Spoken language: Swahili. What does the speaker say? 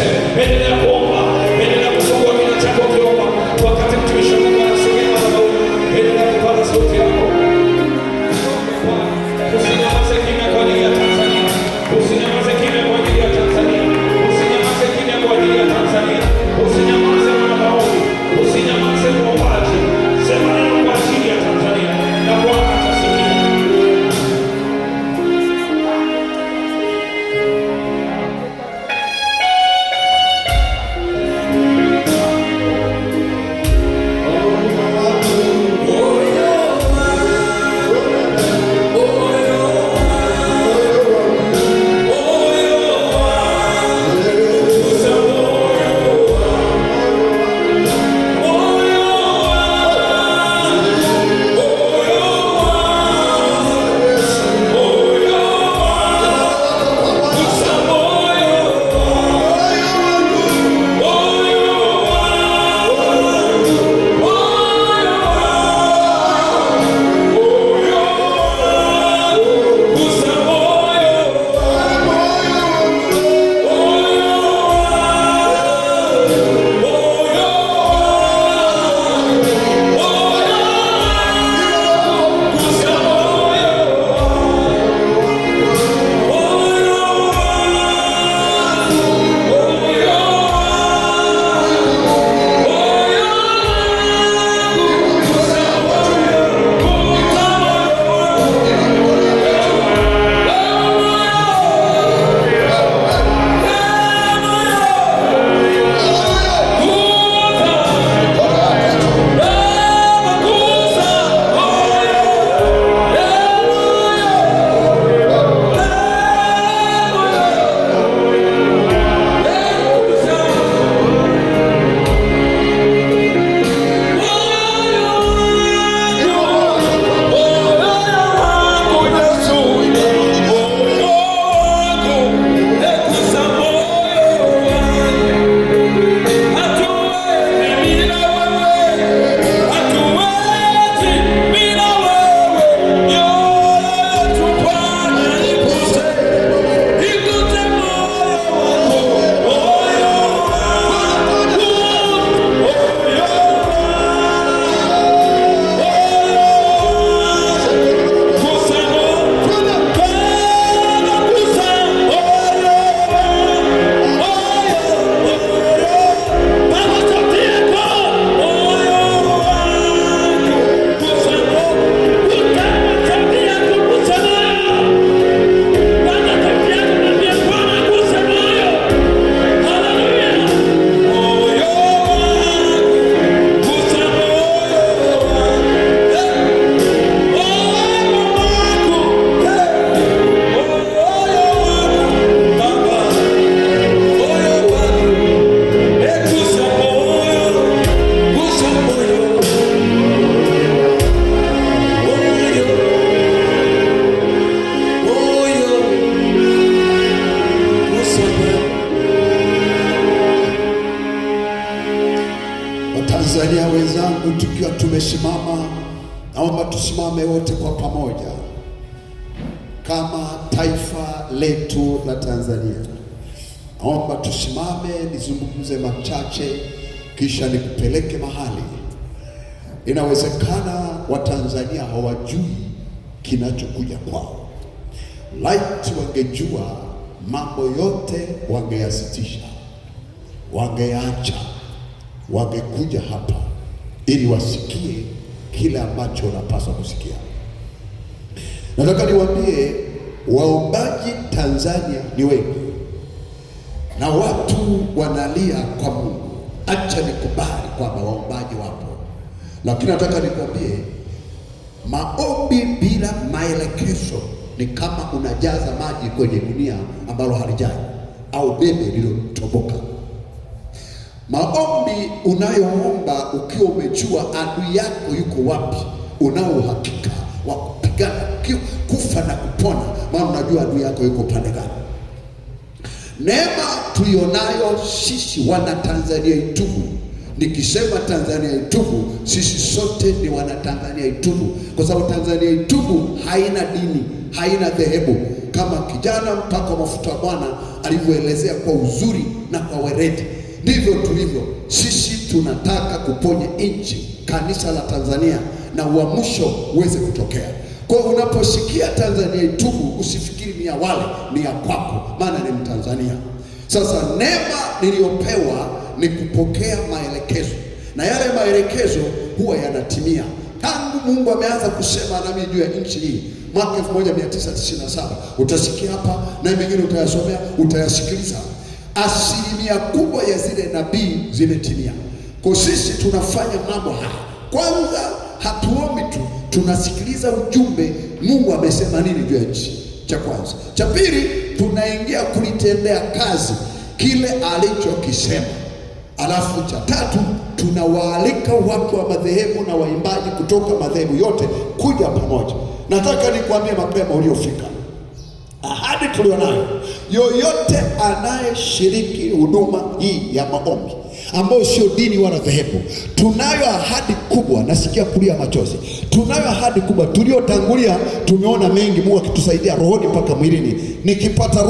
Endelea kuomba Naomba tusimame wote kwa pamoja kama taifa letu la Tanzania. Naomba tusimame nizungumze machache, kisha nikupeleke mahali. Inawezekana Watanzania hawajui kinachokuja kwao. Laiti wangejua mambo yote wangeyasitisha, wangeacha, wangekuja hapa ili wasikie kile ambacho unapaswa kusikia. Nataka niwaambie waombaji Tanzania ni wengi na watu wanalia kwa Mungu. Acha nikubali kwamba waombaji wapo, lakini nataka nikwambie maombi bila maelekezo ni kama unajaza maji kwenye gunia ambalo halijai au bebe lililotoboka. Maombi unayoomba ukiwa umejua adui yako yuko wapi, unao uhakika wa kupigana, kufa na kupona, maana unajua adui yako yuko pande gani. Neema tuionayo sisi wana Tanzania Itubu, nikisema Tanzania Itubu, sisi sote ni wana Tanzania Itubu, kwa sababu Tanzania Itubu haina dini, haina dhehebu, kama kijana mpaka mafuta wa Bwana alivyoelezea kwa uzuri na kwa weredi ndivyo tulivyo sisi. Tunataka kuponya nchi, kanisa la Tanzania, na uamsho uweze kutokea. Kwa unaposikia Tanzania itubu, usifikiri ni ya wale, ni ya kwako, maana ni Mtanzania. Sasa neema niliyopewa ni kupokea maelekezo, na yale maelekezo huwa yanatimia tangu Mungu ameanza kusema nami juu ya nchi hii mwaka 1997. Utasikia hapa na mengine utayasomea, utayasikiliza asilimia kubwa ya zile nabii zimetimia. Kwa sisi tunafanya mambo haya, kwanza hatuombi tu, tunasikiliza ujumbe, Mungu amesema nini juu ya nchi, cha kwanza. Cha pili, tunaingia kulitendea kazi kile alichokisema, alafu cha tatu tunawaalika watu wa madhehebu na waimbaji kutoka madhehebu yote kuja pamoja. Nataka nikuambie mapema uliofika, ahadi tulionayo Yoyote anayeshiriki huduma hii ya maombi ambayo sio dini wala dhehebu, tunayo ahadi kubwa. Nasikia kulia machozi. Tunayo ahadi kubwa, tuliotangulia tumeona mengi, Mungu akitusaidia rohoni mpaka mwilini. Nikipata